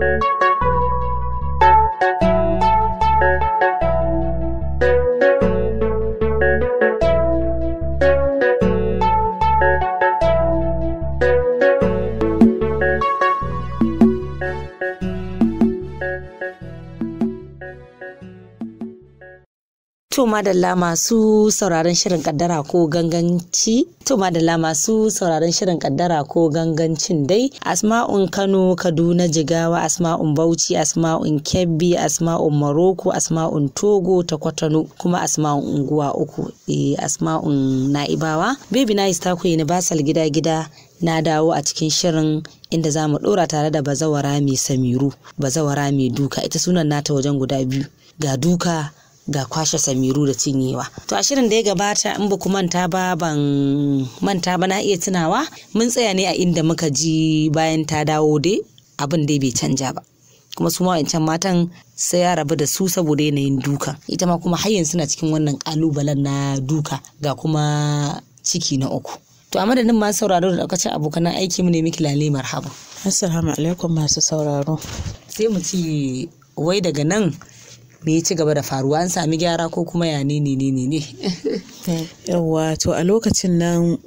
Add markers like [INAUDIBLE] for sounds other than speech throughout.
Música To madalla masu sauraron shirin kaddara ko ganganci. To madalla masu sauraron shirin kaddara ko gangancin dai Asma'un Kano, Kaduna, Jigawa, Asma'un Bauchi, Asma'un Kebbi, Asma'un Maroko, Asma'un Togo ta Kwatano, kuma Asma'un Unguwa uku, Eh Asma'un Na'ibawa. Baby Nice ta kuyi basal gida-gida na dawo a cikin shirin inda zamu mu ɗora tare da bazawara mai samiru bazawara mai duka ita sunan nata wajen guda biyu ga duka ga kwashe samiru da cinyewa to a shirin da ya gabata in ba ku manta ba ban manta ba na iya tunawa mun tsaya ne a inda muka ji bayan ta dawo dai abin dai bai canja ba kuma su ma matan sai ya rabu da su saboda yanayin duka ita ma kuma har yanzu suna cikin wannan kalubalen na duka ga kuma ciki na uku to a madadin masu sauraro da daukacin abokanan aiki mu ne miki lale marhaba assalamu alaikum masu sauraro sai mu ci wai daga nan me ya ci gaba da faruwa an sami gyara ko kuma ya ne ne ne ne yawwa to a lokacin nan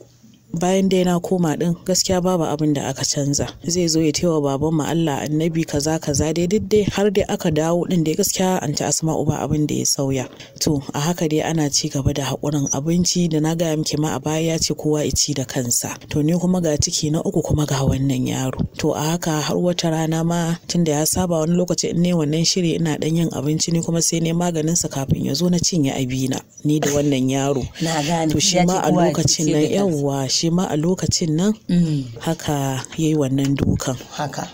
bayan dai na koma din gaskiya babu abin da aka canza zai zo ya tewa baban mu Allah annabi kaza kaza dai duk dai har dai aka dawo din dai gaskiya an ta asma, uba abin da ya sauya to a haka dai ana ci gaba da hakurin abinci da na gaya miki ma a baya ya ce kowa ya ci da kansa to ni kuma ga ciki na uku kuma ga wannan yaro to a haka har wata rana ma tunda ya saba wani lokaci in ne wannan shiri ina dan yin abinci ne kuma sai ne maganin sa kafin ya zo na cinye abina ni da wannan yaro to shi ma a lokacin nan yawwa shi ma a lokacin nan mm. haka ya yi wannan dukan haka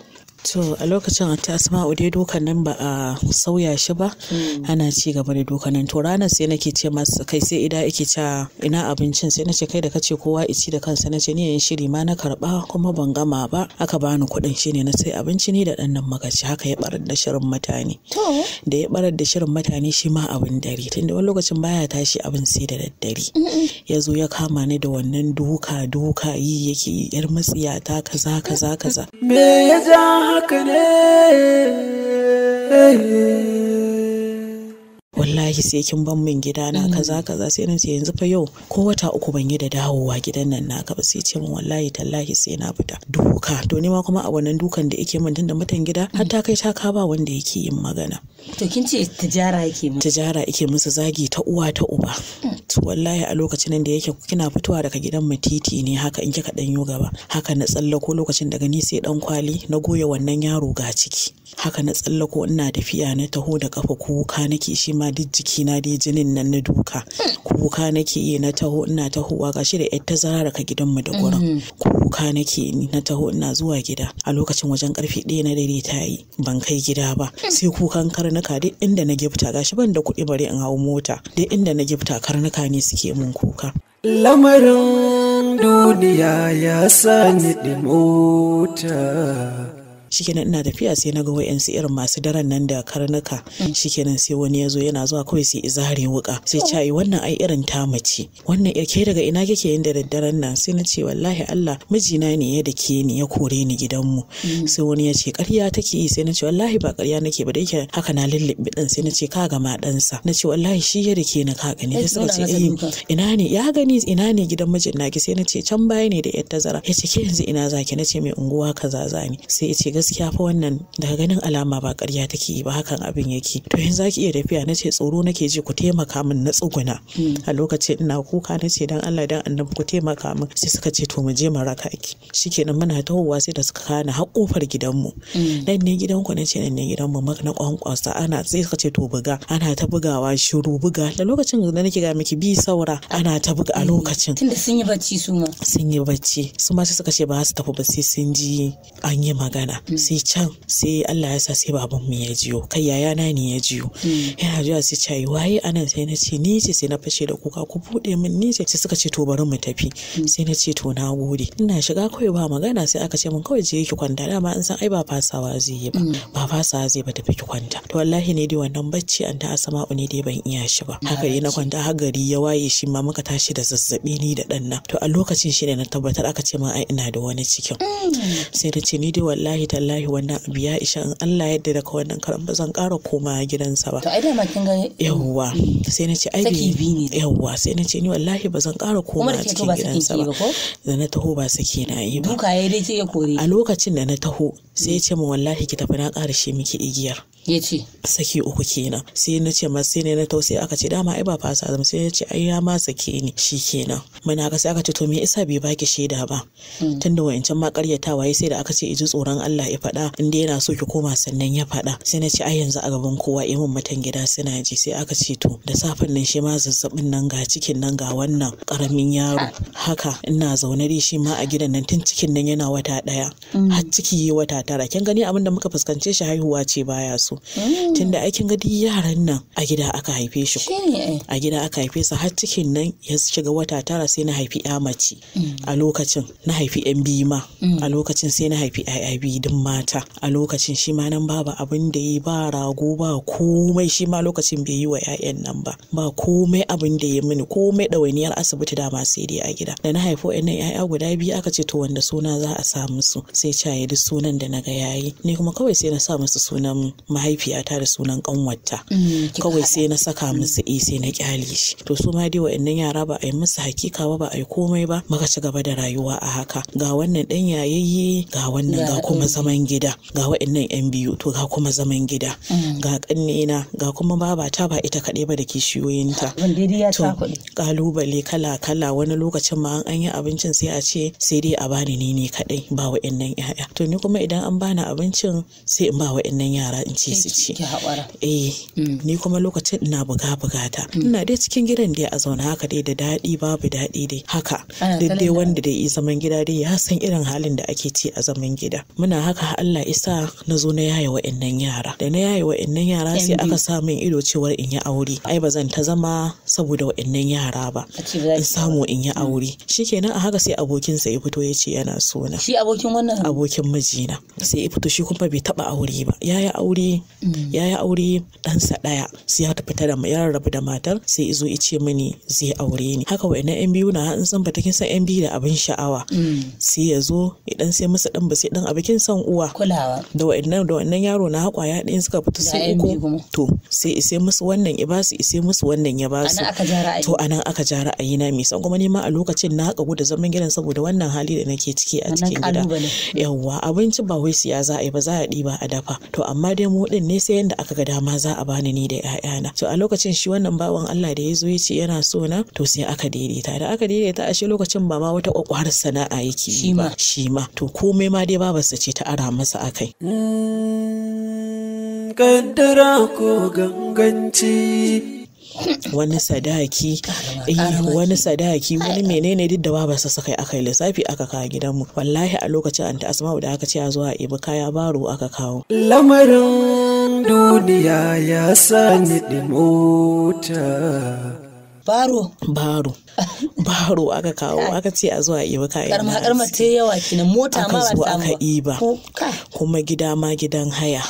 to a lokacin ta asma'u dai nan ba a sauya shi ba hmm. ana ci gaba da nan to ranar sai nake ce masa kai sai ida yake ce ina abincin sai nace kai da kace kowa ici da kansa nace ni yin shiri ma na karba kuma ban gama ba aka bani kuɗin shine na sai abinci ni da ɗan nan magaci haka ya barar da shirin mutane da ya barar da shirin mutane shi ma abin dare tunda wani lokacin baya tashi abin sai da daddare ya zo ya kama ni da wannan duka duka yi yake yar matsiya ta kaza kaza kaza me ya ja haka it. wallahi sai kin ban min na mm. kaza kaza sai na ce yanzu fa yau ko wata uku ban yi da dawowa gidan nan naka ba sai ce min wallahi tallahi sai na fita duka to ni ma kuma a wannan dukan da yake min tunda mutan gida mm. har ta kai ta ka ba wanda yake yin magana to kin ce tijara yake mu tijara yake musu zagi ta uwa ta uba mm. to wallahi a lokacin da yake kina fitowa daga gidan mu titi ne haka in kika danyo gaba haka na tsallako lokacin daga ni sai dan kwali na goya wannan yaro ga ciki haka na tsallako ina tafiya na taho da kafa kuka nake shi ma duk jikina dai jinin nan na duka kuka nake yi na taho ina tahowa gashi da yar tazara daga gidanmu da gurin mm-hmm. kuka nake ni na taho ina zuwa gida a lokacin wajen karfe ɗaya na dare ta yi ban kai gida ba mm. sai kukan karnuka duk inda na gifta gashi ban da kuɗi bari in hau mota duk inda na gifta karnuka ne suke mun kuka lamarin duniya ya sani mota shikenan ina tafiya sai na ga wayansu irin masu daren nan da karnuka shikenan sai wani ya zo yana zuwa kawai sai izare wuka sai cayi wannan ai irin ta mace wannan ke daga ina kike yin da daddaren nan sai na ce wallahi Allah mijina ne ya dake ni ya kore ni gidanmu mm. sai wani ya ce ƙarya take yi sai na ce wallahi ba ƙarya nake ba da yake haka na lullubi din sai na ce ka ga ma sa na ce wallahi shi ya dake ni ka gani sai suka ce eh, ina ne ya gani ina ne gidan mijin naki sai na ce can baya ne da yar tazara ya ce ke yanzu ina zaki na ce mai unguwa kaza zani sai ya ce gaskiya fa wannan daga ganin alama ba ƙarya take yi ba hakan abin yake to yanzu zaki iya tafiya na ce tsoro nake ji ku taimaka min na tsuguna a lokacin ina kuka na ce dan Allah dan annabi ku taimaka min sai suka ce to mu je mu raka ki shikenan muna tahowa sai da suka kana har kofar gidanmu mm. nan ne gidanku na ce nan ne gidanmu mak na kwankwasa ana sai suka ce to buga ana ta bugawa shiru buga da lokacin da nake ga miki bi saura ana ta buga a mm. lokacin tunda sun yi bacci su ma sun yi bacci su ma sai suka ce ba su tafi ba sai sun ji an yi magana sai can sai Allah ya sa sai baban mu ya jiyo kai yaya na ne ya jiyo mm. yana jiya sai ce waye anan sai na ce ni ce sai na fashe da kuka ku bude min ni ce sai suka ce to bari mu tafi mm. sai na ce to na gode ina shiga kawai ba magana sai aka ce mun kawai je ki kwanta dama an san ai ba fasawa zai yi ba mm. ba fasawa zai ba tafi ki kwanta to wallahi ne dai wannan bacci an ta asama'u ne dai ban iya shi ba haka dai na kwanta har gari ya waye shi ma muka tashi da zazzabi ni da ɗan to a lokacin shi ne na tabbatar aka ce min ai ina da wani cikin sai na ce ni dai wallahi ta tallahi wannan abu ya isha in Allah yadda daga wannan karan ba zan ƙara koma gidansa ba to ai dama kin gani. yawwa sai na ce ai yawwa sai na ce ni wallahi ba zan ƙara koma cikin gidansa ba da na taho ba sake na yi ba duka yayi dai kike kore a lokacin da na taho sai ya ce mu wallahi ki tafi na ƙara shi miki igiyar ya ce saki uku kenan sai na ce ma sai ne na tausayi aka ce dama ai ba fasa zama sai ya ce ai ya ma sake ni shi kenan muna ga sai aka ce to me yasa bai baki shaida ba hmm. tunda wayancan ma karyatawa ya sai da aka ce iji tsoron Allah ya faɗa dai yana so ki koma sannan ya faɗa sai na ce ai yanzu a gaban kowa ya mun matan gida suna ji sai aka ce to da safan nan shi ma zazzabin nan ga cikin nan ga wannan karamin yaro haka ina zaune dai shi ma a gidan nan tun cikin nan yana wata daya hmm. har ciki yi wata tara kin gani abin da muka fuskance shi haihuwa ce baya so Mm. tunda aikin gadi yaran nan a gida aka haife shi a gida aka haife su har cikin nan ya shiga wata tara sai na haifi ya mace mm. a lokacin na haifi yan biyu ma mm. a lokacin sai na haifi yaya biyu din mata a lokacin shi ma nan babu abin da yi ba rago ba komai shi ma lokacin bai yi wa yayan nan ba ba komai abin da ya mini komai ɗawainiyar asibiti da dama sai dai a gida da na haifo yan yaya guda biyu aka ce to wanda suna za a sa musu sai caye duk sunan da na ga yayi ni kuma kawai sai na sa musu sunan mahaifiyata da sunan kanwarta mm, kawai sai na saka mm. musu e sai na kyale shi to su ma dai wa'annan yara ba a yi musu hakika ba ba a yi komai ba muka ci gaba da rayuwa a haka ga wannan dan yayayye ga wannan ga kuma zaman gida ga wa'annan yan biyu to ga kuma zaman gida mm. ga kannena ga kuma babata ba ita kaɗai ba da kishiyoyinta to kalubale kala kala wani lokacin ma an yi abincin sai a ce sai dai a bani ni ne kaɗai ba wa'annan yaya to ni kuma idan an bani abincin sai in ba wa'annan yara in ci ce su ci eh mm. ni kuma lokacin ina buga buga ta mm. ina dai cikin gidan dai a zauna haka dai da daɗi babu daɗi dai haka duk dai wanda dai zaman gida dai ya san irin halin da ake ci a zaman gida muna haka Allah isa na zo na yaye wa'annan yara da na yaye wa'annan yara sai aka sa min ido cewar in yi aure ai ba zan ta zama saboda wa'annan yara ba in samu in yi mm. aure shikenan a haka sai abokinsa ya fito ya ce yana so na shi abokin wannan abokin mijina sai ya fito shi kuma bai taba aure ba ya yi aure Mm. ya yi aure ɗansa ɗaya sai ya tafi da ya rabu da matar sai izo ya ce mini zai aure ni haka wa'ina yan biyu na in san ta kin san yan biyu da abin sha'awa mm. sai ya zo idan sai musu dan ba sai dan abikin san uwa kulawa da wa'innan da wannan yaro na haƙwa ya ɗin suka fito sai uku to sai ise musu wannan ya basu ise musu wannan ya basu to anan aka ja ra'ayi na mai san kuma ni ma a lokacin na haƙa gudu zaman gidan saboda wannan hali da nake ciki a cikin gida yawwa abinci ba wai siya za a yi ba za a ɗiba a dafa to amma dai mu kuɗin ne sai yanda aka ga dama za a bani ni da 'ya'yana to a lokacin shi wannan bawan Allah da ya zo ya ce yana so na to sai aka daidaita da aka daidaita a shi lokacin ba ma wata kwakwar sana'a yake yi ba shi ma to komai ma dai babarsa ce ta ara masa akai mm, kaddara ko ganganci wani sadaki eh, wani sadaki wani menene duk da babansa suka yi aka yi lissafi aka kawo gidanmu wallahi a lokacin an asma'u da aka ce a zuwa a ibi kaya baro aka kawo lamarin duniya ya sani dimota baro baro baro aka kawo aka ce a zuwa ibi kaya karma karma ta yawa kina mota ma ba ta aka iba kuma gida ma gidan haya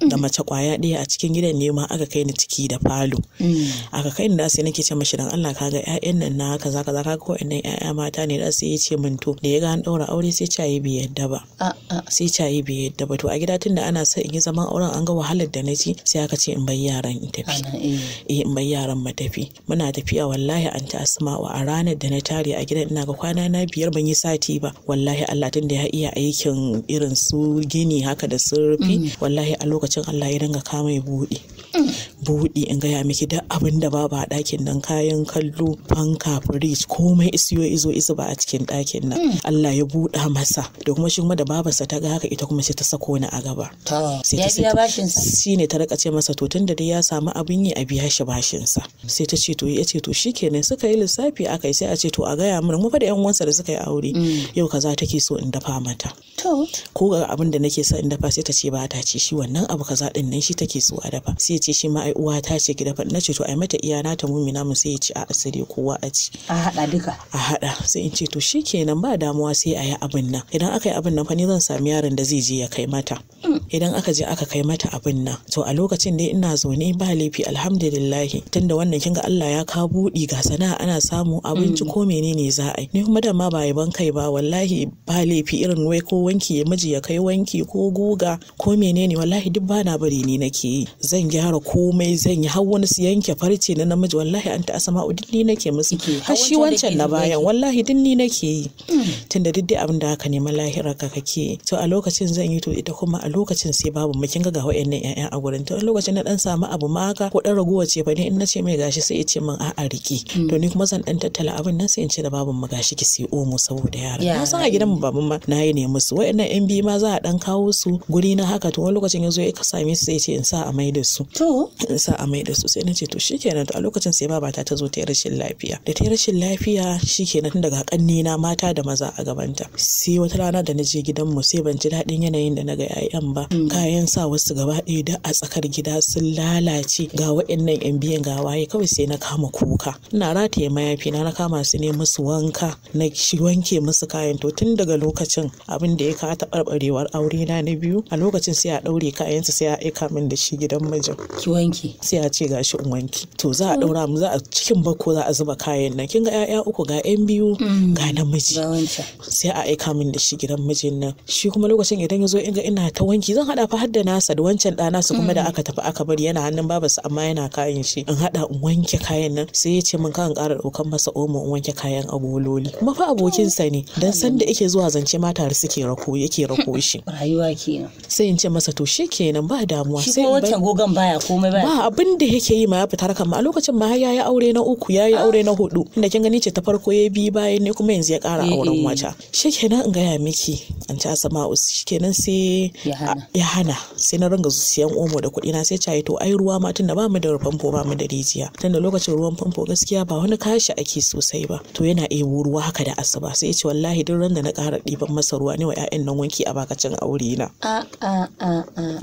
da mace kwaya ɗaya a cikin gidan ne ma aka kai ni ciki da falo mm. aka kai ni da sai nake ce mashi dan Allah kaga ƴaƴan nan na kaza kaza kaga ko ɗan ƴaƴa mata ne da sai ya ce min to da ya ga an ɗaura aure sai cayi bi yadda ba sai cayi bi yadda ba to a gida tunda ana sa in yi zaman auren an ga wahalar da na ci sai aka ce in bai yaran in tafi eh. eh in bai yaran mu tafi muna tafiya wallahi an ta asma'u a ranar da na tare a gidan ina ga kwana na biyar ban yi sati ba wallahi Allah tunda ya iya aikin irin su gini haka da sun rufi mm. wallahi a lokacin lokacin Allah ya dinga kama ya buɗe buɗe in gaya miki duk abin da ba a dakin nan kayan kallo fanka fridge komai isiyo izo izo ba a cikin dakin nan hmm. Allah ya buɗa masa da kuma shi da babarsa ta ga haka ita kuma sai ta sako ni a gaba sai ta sa shine ta rika ce masa to tunda dai ya samu abin yi a biya shi bashin sa sai ta ce to ya ce to shikenan suka yi lissafi akai sai a ce to a gaya mun mu fa da yan uwansa da suka yi aure hmm. yau kaza take so in dafa mata ko ga abin da nake so in dafa sai ta ce ba ta ci shi wannan abu kaza din nan shi take so a dafa sai ya ce shi ma ai uwa ta ce ki dafa na ce to ai mata iya na ta mumina mu sai ya ci a asiri kowa a ci a hada duka a hada sai in ce to shikenan ba damuwa sai a yi abin nan idan aka yi abin nan fa ni zan sami yaron da zai je ya kai mata idan aka je aka kai mata abin nan to a lokacin dai ina zaune ba laifi alhamdulillahi tunda wannan kinga Allah ya kawo buɗi ga sana'a ana samu abinci mm. ko menene za a yi ni kuma da ma ba ban kai ba wallahi ba laifi irin wai ko wanki ya miji ya kai wanki ko guga ko menene wallahi duk bana bari ni nake yi zan gyara komai komai zan yi har wani su yanke farce na namiji wallahi an ta asama udin ni nake musu har shi wancan na bayan wallahi din ni nake yi mm. tunda duk abin da aka nema lahira ka kake to a lokacin zan yi to ita kuma a lokacin sai babu mu kin ga wayannan ƴaƴan a gurin to a lokacin na dan samu abu ma haka ko dan raguwa ce fa ne in nace mai gashi sai ya ce min a'a riki mm. to ni kuma zan dan tattala abin nan sai in ce da babun mu gashi ki sai omo saboda yara na san a gidan mu babun ma na yi ne musu wayannan yan biyu ma za a dan kawo su guri na haka to wani lokacin yazo ya same su sai ya ce in sa a mai da su to in sa a mai da su sai na ce to shikenan a lokacin sai babata ta zo ta yi rashin lafiya da ta yi rashin lafiya shikenan tun daga kannina mata da maza a gabanta sai wata rana da na je gidan mu sai ban ji daɗin yanayin da na ga yayan ba mm. kayan sa wasu gaba ɗaya da a tsakar gida sun lalace ga waɗannan yan biyan ga waye kawai sai na kama kuka ina rataye mayafi na na kama su ne musu wanka na shi wanke musu kayan to tun daga lokacin abin da ya ka taɓarɓarewar aure na na biyu a lokacin sai a ɗaure su sai a aika min da shi gidan mijin wanki sai a ce ga shi in wanki to za a daura mu za a cikin bako za a zuba kayan nan kin ga 'ya'ya uku ga 'yan biyu mm. ga namiji sai a aika min da shi gidan mijin nan shi kuma lokacin idan ya zo inga ina ta wanki zan hada fa hadda nasa da wancan ɗana su kuma da mm. aka tafi aka bari yana hannun babarsa amma yana kayan shi in hada in wanke kayan nan sai ya ce min kan kara ɗaukan masa omo in wanke kayan abololi kuma fa abokinsa ne dan san da yake zuwa zance ma tare suke rako yake rako shi [LAUGHS] rayuwa kenan sai in ce masa to shi kenan ba damuwa sai wancan amma abin da yake yi ma ya fita harkar ma a lokacin ma ya yi aure na uku ya yi aure na hudu inda kin gani ce ta farko ya bi bayan ne kuma yanzu ya kara eh, auren eh. wata shikenan in gaya miki an ci asama shikenan sai ya hana sai na ringa siyan omo da kuɗi na sai cayi to ai ruwa ma tunda ba mu da famfo ba mu da rijiya tunda lokacin ruwan famfo gaskiya ba wani kashi ake sosai ba to yana ebo ruwa haka da asuba sai ya ce wallahi duk ran da na kara ɗiban masa ruwa ne wa 'ya'yan nan wanki a bakacin aure na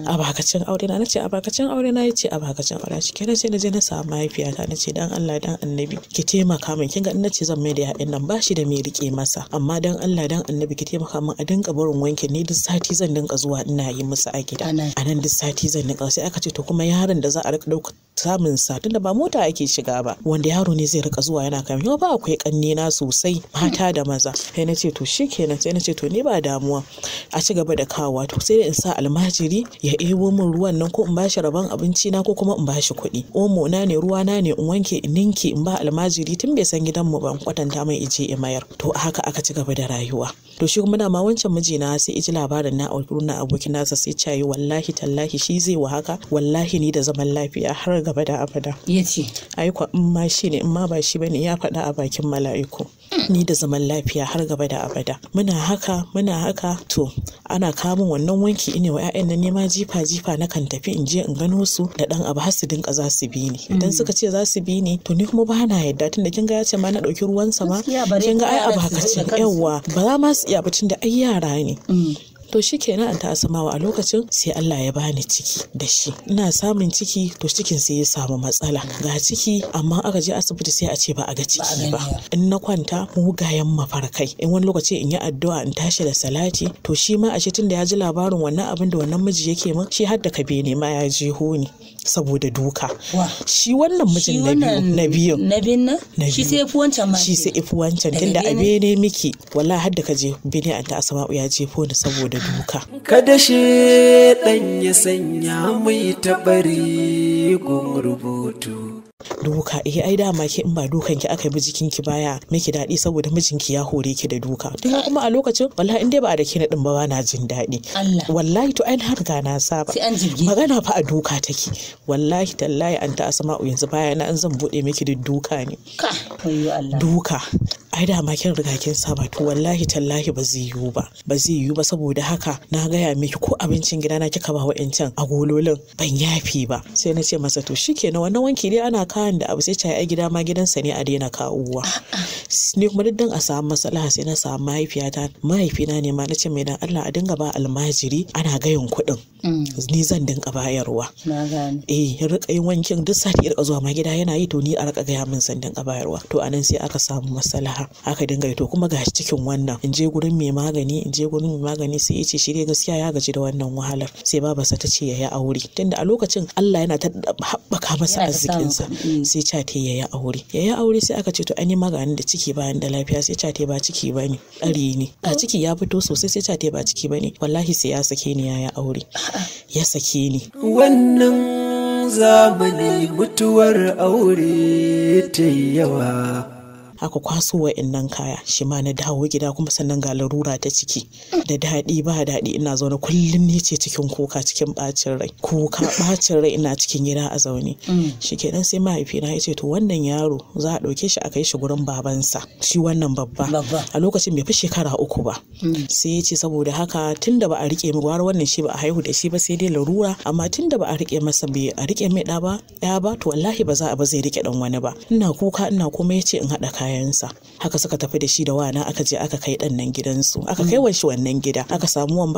a bakacin aure na ce a bakacin aure na ce a lokacin alashi kenan sai na je na samu mahaifiyata na ce dan Allah dan annabi ki taimaka min kin ga in nace zan mai da ya'yan nan ba shi da mai rike masa amma dan Allah dan annabi ki taimaka min a dinka barin wankin ne duk sati zan dinka zuwa ina yi musu a gida a nan duk sati zan dinka sai aka ce to kuma yaron da za a rika dauka samun sa tunda ba mota ake shiga ba wanda yaro ne zai rika zuwa yana kai yau ba akwai kanne na sosai mata da maza sai na ce to shikenan sai na ce to ni ba damuwa a ci gaba da kawo to sai in sa almajiri ya ebo min ruwan nan ko in ba shi rabon abinci na ko kuma in bashi kuɗi omo na ne ruwa na ne in wanke in ninke in ba almajiri tun bai san gidanmu ban kwatanta mai ije in mayar to haka aka ci gaba da rayuwa to shi kuma dama wancan mijina sai iji labarin na na abokin nasa sai cayi wallahi tallahi shi zai wa haka wallahi ni da zaman lafiya har gaba da abada yace ai aiko in ma shi ne in ma ba shi bane ya faɗa a bakin mala'iku ni da zaman lafiya har gaba da abada muna haka muna haka to ana kamun wannan wanki ine wa nan ne nema jifa jifa na kan tafi in je in gano su da dan abu har su dinka za su bi ni idan hmm. suka ce za su bi ni to ni kuma ba na yadda tunda kin ga ya ce ma na ɗauki ruwan sama kin ga ai abu haka ce yawwa ba za ma su iya ba tunda ai yara ne mm. to kenan an ta asamawa a lokacin sai Allah ya bani ciki da shi ina samun ciki to cikin sai ya samu matsala ga ciki amma aka je asibiti sai a ce ba a ga ciki ba in na kwanta mugayen mafarkai in wani lokaci in yi addu'a in tashi da salati to shi ma a ce tunda ya ji labarin wannan abin da wannan miji yake min shi har da ka ne ma ya je honi saboda duka shi wannan mijin na biyu na biyu na shi sai fi wancan ma shi sai fi wancan tunda a bene miki wallahi har da ka je bini an ta asama ya je honi saboda duka kada shi ɗan ya sanya mai tabari gun rubutu duka eh ai dama ki in ba dukan ki aka bi jikin ki baya miki daɗi saboda mijinki ya hore ki da duka tun kuma a lokacin wallahi in dai ba a da kina din ba na jin daɗi wallahi to ai har ga na saba magana fa a duka take wallahi tallahi an ta asma'u yanzu baya na an zan bude miki da duka ne duka ai da makin rigakin riga kin to wallahi tallahi ba zai yiwu ba ba zai yiwu ba saboda haka na gaya miki ko abincin gida na kika ba a gololin ban yafi ba sai na ce masa to na wannan wanki dai ana kayan da abu sai ce ai gida ma gidansa ne a daina kawowa ni kuma duk dan a samu maslaha sai na samu mahaifiyata mahaifina ne ma na ce mai dan Allah a dinga ba almajiri ana gayan kuɗin mm. ni zan dinga bayarwa Na eh rika yin wankin duk sati rika zuwa ma gida yana yi to ni a rika gaya min zan dinga bayarwa to anan sai aka samu maslaha. ka aka dinga to kuma ga cikin wannan in je gurin mai magani in je gurin mai magani sai ya ce shi dai gaskiya ya gaji da wannan wahalar sai sa ta ce yayi aure tunda a lokacin Allah yana ta haɓaka masa arzikinsa mm. sai ca ta yayi aure yayi aure sai aka ce to an yi magani da ciki bayan da lafiya sai ca ta ba ciki bane ɗari ne a ciki ya fito sosai sai ca ta ba ciki bane wallahi sai ya sake ni yayi aure ya sake ni wannan zamani mutuwar aure ta yawa aka kwaso wa wa'annan kaya shi ma na dawo gida kuma sannan ga larura ta ciki da daɗi ba daɗi ina zaune kullum ne ce cikin kuka cikin bacin rai kuka bacin rai ina cikin gida a zaune mm. shi kenan sai mahaifina ya ce to wannan yaro za a ɗauke shi a kai shi gurin babansa shi wannan babba a lokacin bai fi shekara uku ba mm. sai ya ce saboda haka tun da ba a rike gwar wannan shi ba a haihu da shi ba sai dai larura amma tun da ba a riƙe masa bai a riƙe mai ɗa ba ɗaya ba to wallahi ba za a ba zai riƙe ɗan wani ba ina kuka ina kuma ya ce in haɗa kaya kayansa haka suka tafi da shi da wana aka je aka kai ɗannan nan gidansu aka kai wanshi wannan gida aka samu wan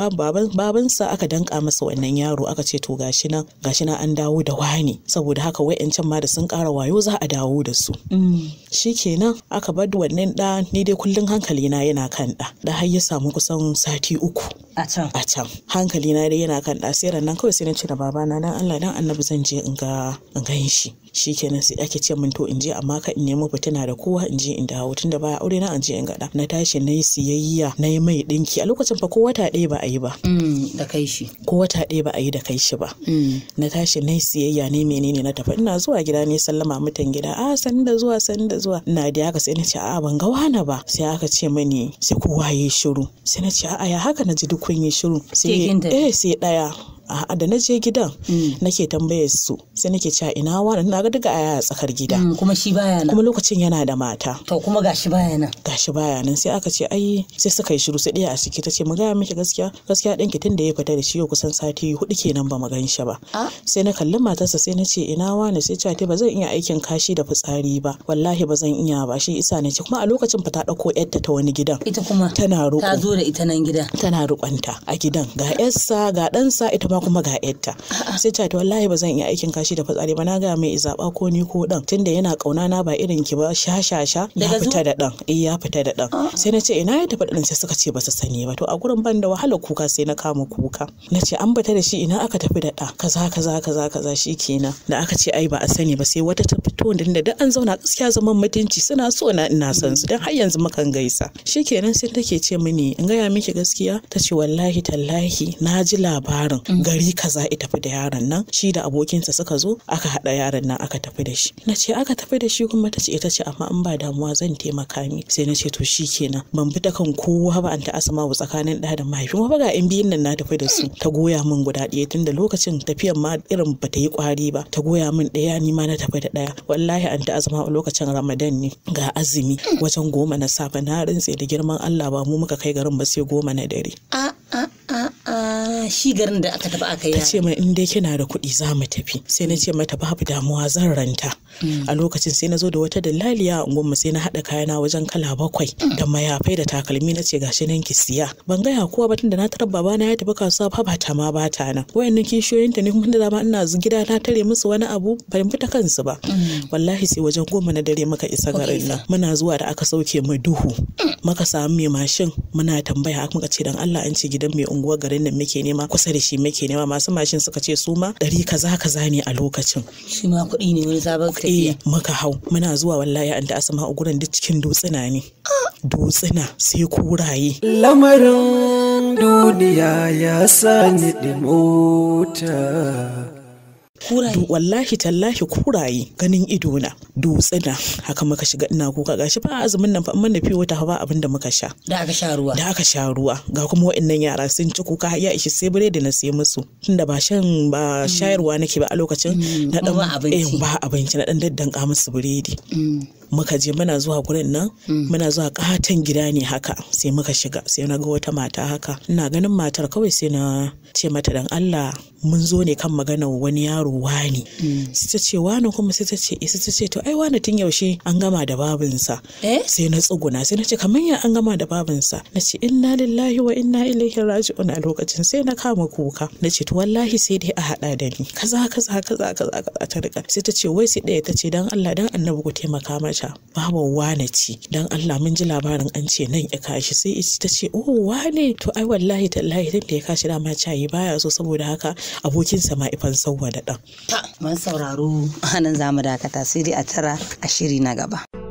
babansa aka danka masa wannan yaro aka ce to gashi nan gashi nan an dawo da wani saboda haka wa'yancan ma da sun kara wayo za a dawo da su shi mm. shikenan aka bar wannan ɗa ni dai kullun hankali na yana kan ɗa da har ya samu kusan sati uku a can a can hankali na dai yana kan ɗasiran nan kawai sai na ce da babana dan Allah dan annabi zan je in ga in ga shi shikenan sai ake ce min to in je amma ka in nemi fitina da kowa in je in dawo tunda baya aure na in je in gada na tashi na yi siyayya na yi mai dinki a lokacin fa ko wata ɗaya ba a yi ba mm, da kai shi ko wata ɗaya ba a yi da kai shi ba mm. na tashi na yi siyayya ne menene na tafi ina zuwa gida ne sallama mutan gida a ah, san da zuwa san da zuwa ina da haka sai na ce a'a ban ga wani ba sai aka ce mani sai kowa ya shiru sai na ce a ya haka na ji duk ukun ya shiru sai eh sai daya a'a da na je gidan mm. nake tambayar su sai nake cewa ina wani na ga duka a tsakar gida mm, kuma shi baya nan kuma lokacin yana da mata to kuma gashi baya nan gashi baya nan sai aka ce ai sai suka yi shiru sai ɗaya a ciki tace ce mu ga miki gaskiya gaskiya ɗan tun da ya fita da shi yau kusan sati hudu kenan ba mu gan shi ba sai na kalli matarsa sai na ce ina wani sai ce ba zan iya aikin kashi da fitsari ba wallahi ba zan iya ba shi isa ne ce kuma a lokacin fa ta ɗauko yarta ta wani gidan ita kuma tana roƙo ta zo da ita nan gida tana roƙonta a gidan ga yarsa ga ɗansa ita ba kuma ga yadda. sai ta to wallahi ba zan iya aikin kashi da fitsari ba na ga mai zaba ko ni ko dan tunda yana kauna na ba irin ki ba sha ya fita da dan eh ya fita da dan ah. sai na ce ina ya tafi dan sai suka ce ba su sani ba to a gurin ban da wahala kuka sai na kama kuka na ce an bata da shi ina aka tafi da dan kaza kaza kaza kaza shikenan da aka ce ai ba a sani ba sai wata ta fito da da an zauna gaskiya zaman mutunci suna so na ina san su dan har yanzu mukan gaisa Shi kenan sai take ce mini in gaya miki gaskiya ta wallahi tallahi na ji labarin gari kaza ya tafi da yaron nan shi da abokinsa suka zo aka haɗa yaron nan aka tafi da shi na ce aka tafi da shi kuma ta ce ita eh, ce amma in ba damuwa zan taimaka ni sai na ce to shi kenan ban bi kan kowa ba an ta wa tsakanin ɗa da mahaifi kuma ga in biyun nan na tafi da su ta goya min guda ɗaya tunda lokacin tafiyan ma irin ba ta yi kwari ba ta goya min ɗaya ni ma na tafi da ɗaya wallahi an ta a lokacin ramadan ne ga azumi wajen goma na safe na rintse da girman Allah ba mu muka kai garin ba sai goma na dare a a a shi garin da aka tafi aka yi ta ce in kina da kuɗi za mu tafi sai na ce mata babu damuwa zan ranta mm. a lokacin sai na zo da wata dallaliya a unguwar sai na haɗa kayana wajen kala bakwai mm. da mayafai da takalmi na ce gashi nan ki siya ban gaya kowa ba tunda na tarar babana ya tafi kasuwa ba ba ta ma bata na wayannan ta ne kuma da dama ina gida na tare musu wani abu ban fita kansu ba mm. wallahi sai wajen goma na dare muka isa garin nan muna zuwa da aka sauke mu duhu muka samu mai mashin muna tambaya muka ce dan Allah an ce gidan mai unguwar garin nan muke nema kusa da shi muke masu mashin suka ce su ma ɗari kaza kaza ne a lokacin shi ma kuɗi ne wani sabon tafiya eh muka hau muna zuwa wallahi an da a gurin duk cikin dutsuna ne dutsuna sai kuraye lamarin duniya ya sani mota. wallahi tallahi kuraye ganin idona, na dutsina haka muka shiga ina kuka gashi fa azumin nan fa in mana ba abin da muka sha da aka sha ruwa da aka sha ruwa ga kuma wa'annan yara sun ci kuka ya ishi sai biredi na sai musu tunda ba shan ba mm. shayarwa nake ba a lokacin mm. na dan eh, ba abinci na dan daddanka musu biredi mm. muka je muna zuwa gurin nan hmm. muna zuwa katon gida ne haka sai muka shiga sai na ga wata mata haka ina ganin matar kawai sai na ce mata dan Allah mun zo ne kan maganar wani yaro wani hmm. sai ta ce wani kuma sai ta ce eh, sai ta ce to ai wani tun yaushe an gama da babinsa eh? sai na tsuguna sai na ce kamar ya an gama da babinsa na ce inna lillahi wa inna ilaihi raji'un a lokacin sai na kama kuka na ce to wallahi sai dai a hada da ni kaza kaza kaza kaza ta rika sai ta ce wai sai ɗaya ta ce dan Allah dan annabi ku taimaka mata ta babu wane ci dan Allah mun ji labarin an ce nan ya kashi sai ta ce oh wane to ai wallahi tallahi dan da ya kashi dama cayi baya so saboda haka abokinsa ma ifan sauwa da dan. Mun sauraro nan zamu dakata sai dai a tara a shiri na gaba.